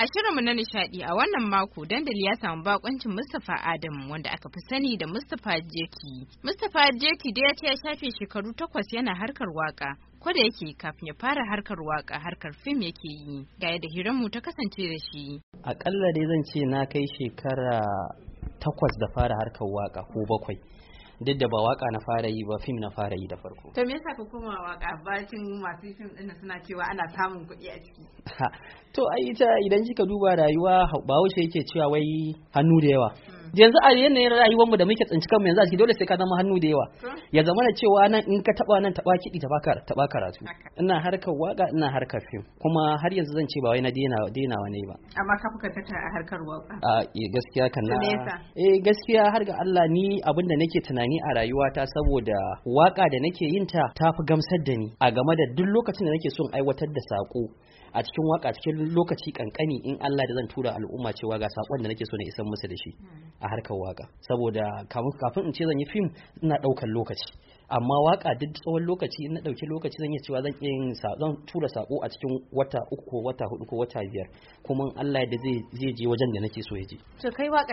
A shirinmu na nishadi a wannan mako dandali ya samu bakoncin Mustapha Adam wanda aka fi sani da Mustapha Jeki. Mustapha Jeki da ya ce ya shafe shekaru takwas yana harkar waka. da yake kafin ya fara harkar waka harkar fim yake yi ga yadda hiranmu ta kasance da shi. Akalla dai zan ce na kai shekara takwas da fara harkar waka ko bakwai. duk da ba waka na fara yi ba fim na fara yi da farko to me yasa ka koma waka bacin masu fim din suna cewa ana samun kuɗi a ciki to ai ita idan kika duba rayuwa wuce yake cewa wai hannu da yawa hmm. yanzu a yanayin rayuwar mu da muke tsinci kanmu yanzu a ciki dole sai ka zama hannu da yawa hmm. ya zama da cewa nan in ka taba nan taba kiɗi taba karatu ina harkar waka ina harkar fim kuma har yanzu zan ce ba wai na dena dainawa ne ba amma ka fuka tata a harkar waka a eh, gaskiya kan na eh gaskiya har ga Allah ni abinda nake tunani a rayuwata saboda waka da nake yin ta tafi gamsar da ni a game da duk lokacin da nake son aiwatar da sako a cikin waka cikin lokaci kankani in Allah da zan tura al'umma cewa ga sakon da nake so na isan musu da shi hmm. a harkar waka saboda kafin in ce zan yi fim ina ɗaukar lokaci amma waka duk tsawon lokaci in na dauki lokaci zan iya cewa zan yin zan tura sako a cikin wata uku ko wata hudu ko wata biyar kuma Allah da zai zai je wajen da nake so ya je to kai waka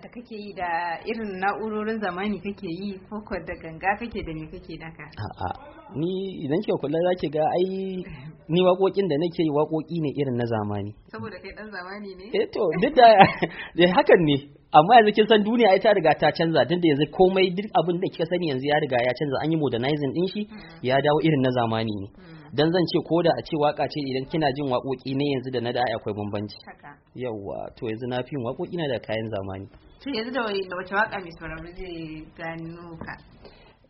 da kake yi da irin na'urorin zamani kake yi ko ko da ganga kake da me kake daka a'a ni idan ke kula zaki ga ai ni wakokin da nake yi wakoki ne irin na zamani saboda kai dan zamani ne eh to duk da hakan ne amma yanzu kin san duniya ita riga ta canza tunda yanzu komai duk abin da kika sani yanzu ya riga ya canza da an yi modernizing din shi mm. ya dawo irin na zamani ne mm. dan zan ce koda a ce waka ce idan kina jin wakoki ne yanzu da na da akwai bambanci yawa to yanzu na fi waƙoƙi na da kayan zamani to yanzu da wace waka mai sauraro zai gano ka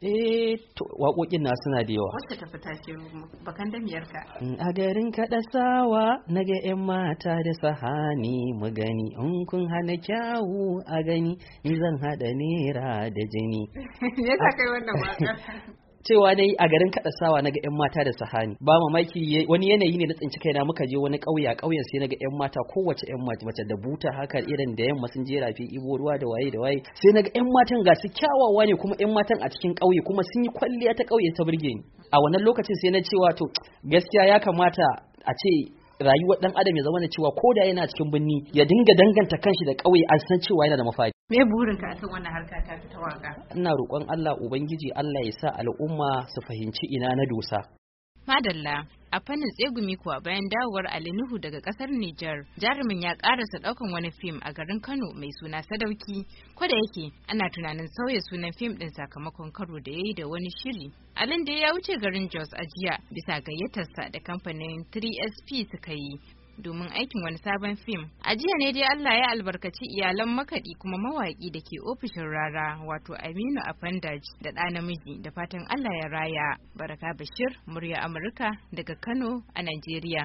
eh to waƙoƙin na suna da yawa wacce ta fita ke bakan ka. Mm, a garin kaɗa sawa na ga 'yan mata da sahani mu gani in kun hana kyawu a gani in zan haɗa nera da jini me yasa kai wannan waƙar cewa dai a garin kadasawa naga yan mata da sahani ba mamaki wani yanayi ne na tsinci kaina muka je wani ƙauye a ƙauyen sai naga yan mata kowace yan mace da buta haka irin da yamma sun je rafi ibo ruwa da waye da waye sai naga yan matan ga su kyawawa ne kuma yan matan a cikin kauye kuma sun yi kwalliya ta kauye ta burge ni a wannan lokacin sai na cewa to gaskiya ya kamata a ce rayuwar dan adam ya zama na cewa ko da yana cikin birni ya dinga danganta kanshi da ƙauye an san cewa yana da mafaki. me burinka akan wannan harka ta ta waka ina roƙon Allah ubangiji Allah ya sa al'umma su fahimci ina na dosa Madalla, a fannin tsegumi kuwa bayan dawowar Ali Nuhu daga kasar Nijar, jarumin ya karasa daukan wani fim a garin Kano mai suna Sadauki, ko da yake ana tunanin sauya sunan fim din sakamakon karo da yayi da wani shiri. Alin da ya wuce garin Jos a jiya bisa gayyatarsa da kamfanin 3SP suka yi domin aikin wani sabon fim. A jiya ne dai Allah ya albarkaci iyalan makaɗi kuma mawaƙi da ke ofishin rara wato Aminu Afandaj da ɗa namiji da fatan Allah ya raya. Baraka Bashir, murya Amurka daga Kano a Najeriya.